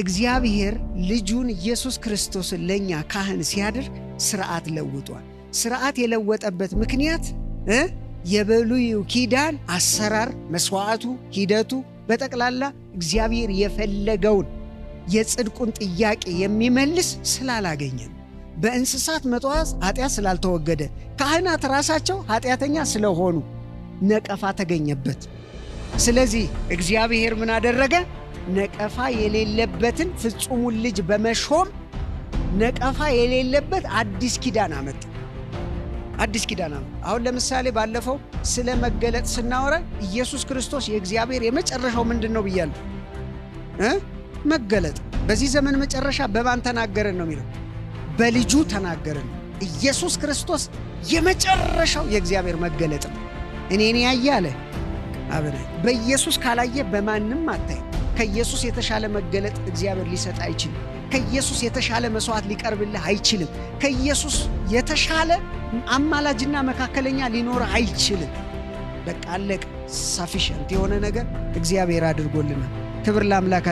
እግዚአብሔር ልጁን ኢየሱስ ክርስቶስን ለእኛ ካህን ሲያደርግ ስርዓት ለውጧል። ስርዓት የለወጠበት ምክንያት የበሉዩ ኪዳን አሰራር መስዋዕቱ፣ ሂደቱ በጠቅላላ እግዚአብሔር የፈለገውን የጽድቁን ጥያቄ የሚመልስ ስላላገኘ በእንስሳት መጠዋዝ ኃጢአት ስላልተወገደ ካህናት ራሳቸው ኃጢአተኛ ስለሆኑ ነቀፋ ተገኘበት። ስለዚህ እግዚአብሔር ምን አደረገ? ነቀፋ የሌለበትን ፍጹሙን ልጅ በመሾም ነቀፋ የሌለበት አዲስ ኪዳን አመጣ። አዲስ ኪዳን አመጣ። አሁን ለምሳሌ ባለፈው ስለ መገለጥ ስናወራ ኢየሱስ ክርስቶስ የእግዚአብሔር የመጨረሻው ምንድን ነው ብያለሁ እ መገለጥ በዚህ ዘመን መጨረሻ በማን ተናገረን ነው የሚለው በልጁ ተናገረን። ኢየሱስ ክርስቶስ የመጨረሻው የእግዚአብሔር መገለጥ ነው። እኔን ያየ አለ አብናይ በኢየሱስ ካላየ በማንም አታይ። ከኢየሱስ የተሻለ መገለጥ እግዚአብሔር ሊሰጥ አይችልም። ከኢየሱስ የተሻለ መስዋዕት ሊቀርብልህ አይችልም። ከኢየሱስ የተሻለ አማላጅና መካከለኛ ሊኖር አይችልም። በቃ አለቀ። ሳፊሽንት የሆነ ነገር እግዚአብሔር አድርጎልናል። ክብር ለአምላካችን።